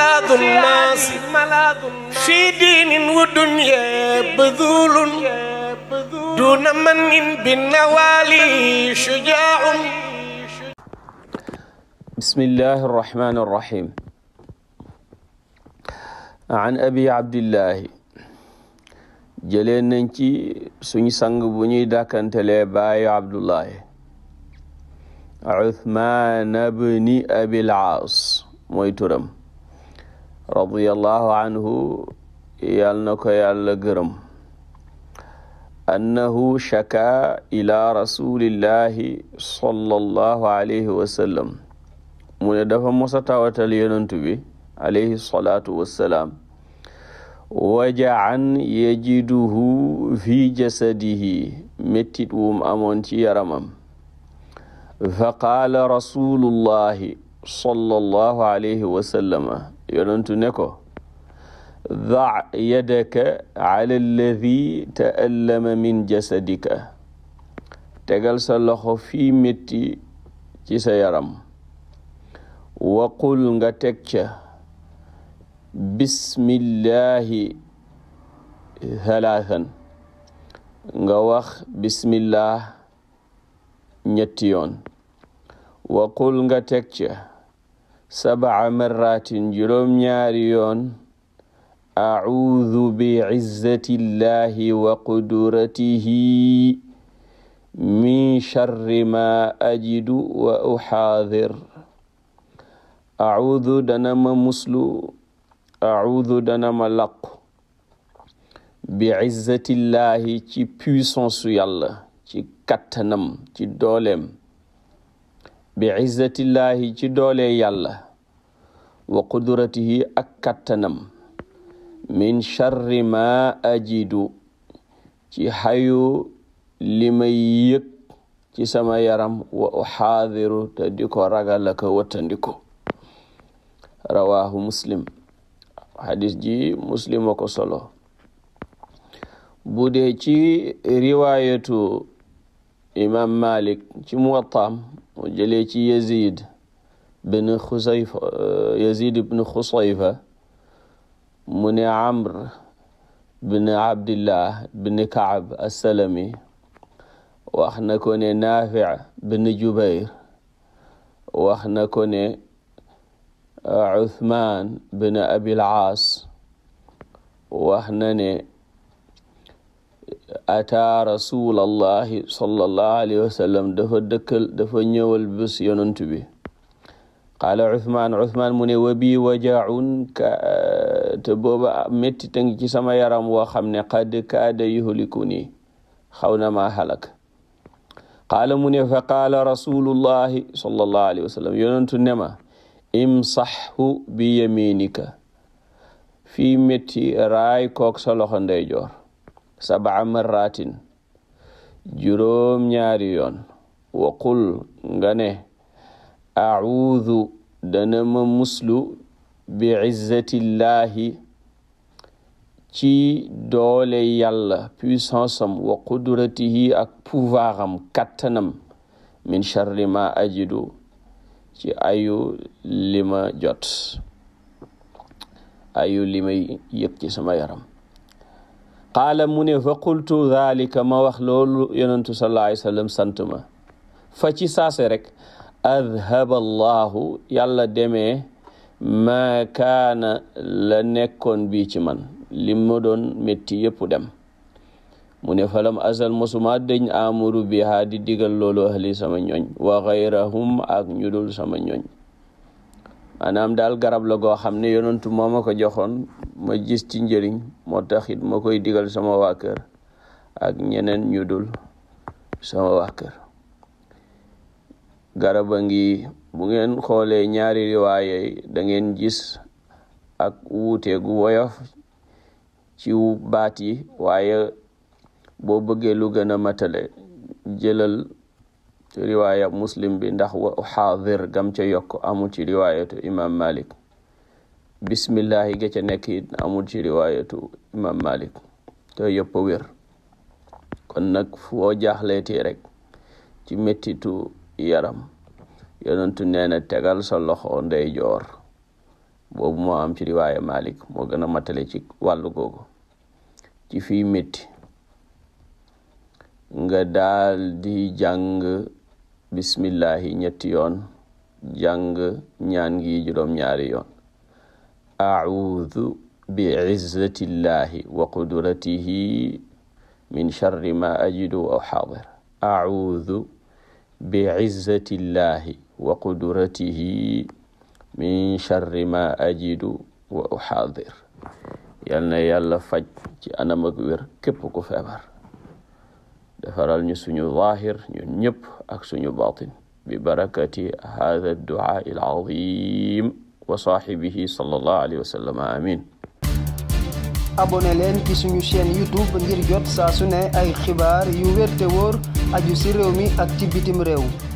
ملاذ الناس في دين ودنيا بذول دون من بالنوالي شجاع بسم الله الرحمن الرحيم عن أبي عبد الله jëlee nañ ci suñu sang bu ñuy dàkkantelee baayu abdullahi uthman bni abil aas mooy turam radiyallahu anhu yal na ko yàlla gërëm annahu shaka ila rasulillahi sallallahu alayhi wa sallam mu ne dafa mosa tawatal yonent bi alayhi salaatu wassalaam wajacan yajiduhu fi jasadihi mettit wum amoon ci yaramam fa qaala rasulullahi sallallahu alayhi wa sallama yonentu ne ko da yadaka ala alladi taallama min jasadika tegal sa loxo fi métti ci sa yaram waqul nga teg ca bismillahi halaatan nga wax bismillah ñetti yoon waqul nga teg ca sabaa marratin juróom-ñaari yoon acuudu biizzati llahi wa qudratihi min charri ma ajidu wa uxaadir acuudu dana ma muslu acuudu dana ma laqu biizzati llahi ci puissance yàlla ci kattanam ci dooleem bi izzatillaahi ci doole yàlla wa qudratihi ak kattanam min charri ma ajidu ci xayu li may ci sama yaram wa uxaadiru te di ko ragal ak wattandiku rawaahu muslim xadis ji muslim a solo bu ci riwaayatu imaam malik ci muwattaam mu jëlee ci yazid bin xusayfa yazid ibn xusayfa mu ne amr bin abdillah bin kaab assalami wax na ko ne naafic bin jubair wax na ko ne uthman bin abil aas wax na ne ataa rasulallahi sallallahu alayhi wasallam dafa dëkkal dafa ñëwal bés yonent bi qaala uthman uthman mu ne wa bi wajaun ka te booba métti tëng ci sama yaram woo xam ne qad kaada yuhliku nii xaw na maa halak qaala mu ne fa qaala rasulullahi sallallahu alayhi wasallam yonentu ne ma imsaxhu bi yaminika fii métti raay kook sa loxo ndeyjoor sabaa marratin juróom ñaari yoon wa qul nga ne acuudu dana ma muslu bi izzatillahi ci doole yàlla puissance am wa qudratihi ak pouvoir kattanam min charri ma ajidu ci ayu lima jot ayu limay yëg ci sama yaram qaala mu ne fa qultu dhalika ma wax loolu yonentu sallallahu alayhi sant ma fa ci saase rek adhaba allahu yàlla deme maa kaana la nekkoon bii ci man li ma doon métti yëpp dem mu ne falam azal mosuma dëñ amuru biha di digal loolu ahli sama ñooñ wa gayrahum ak ñu sama ñooñ maanaam daal garab la goo xam ne yonantu moo ma ko joxoon ma gis ci njëriñ moo tax it ma koy digal sama waa kër ak ñeneen ñu dul sama waa kër bu ngeen xoolee ñaari riwaaye da ngeen gis ak wuute gu woyof ci baat yi waaye boo bëggee lu gën a matale jëlal ci muslim bi ndax wa xaadir gam ca yokk amul ci riwaayatu imam malik bismillahi ga ca nekk it amul ci riwaayatu imam malik te yëpp wér kon nag foo jaaxleeti rek ci mettitu yaram yonentu nee na tegal sa loxo ndeyjoor boobu moo am ci riwaaya malik moo gën a matale ci wàllu googu ci fii métti nga daal di jàng bismillahi ñetti yoon jàng ñaan gi juróom ñaari yoon audu bi izzatillahi wa qudratihi min sharri ma ajidu aw xaadir audu bi izzatillahi wa qudratihi min sharri ma ajidu wa yal na yàlla faj ci anam ak wér ku feebar defaral ñu suñu zahir ñun ñëpp ak suñu batin bi barakati hadha ad-du'a al-azim wa saahibihi leen suñu chaîne youtube ngir jot saa su ne ay xibaar yu wér te wóor aju si réew mi ak ci bitim réew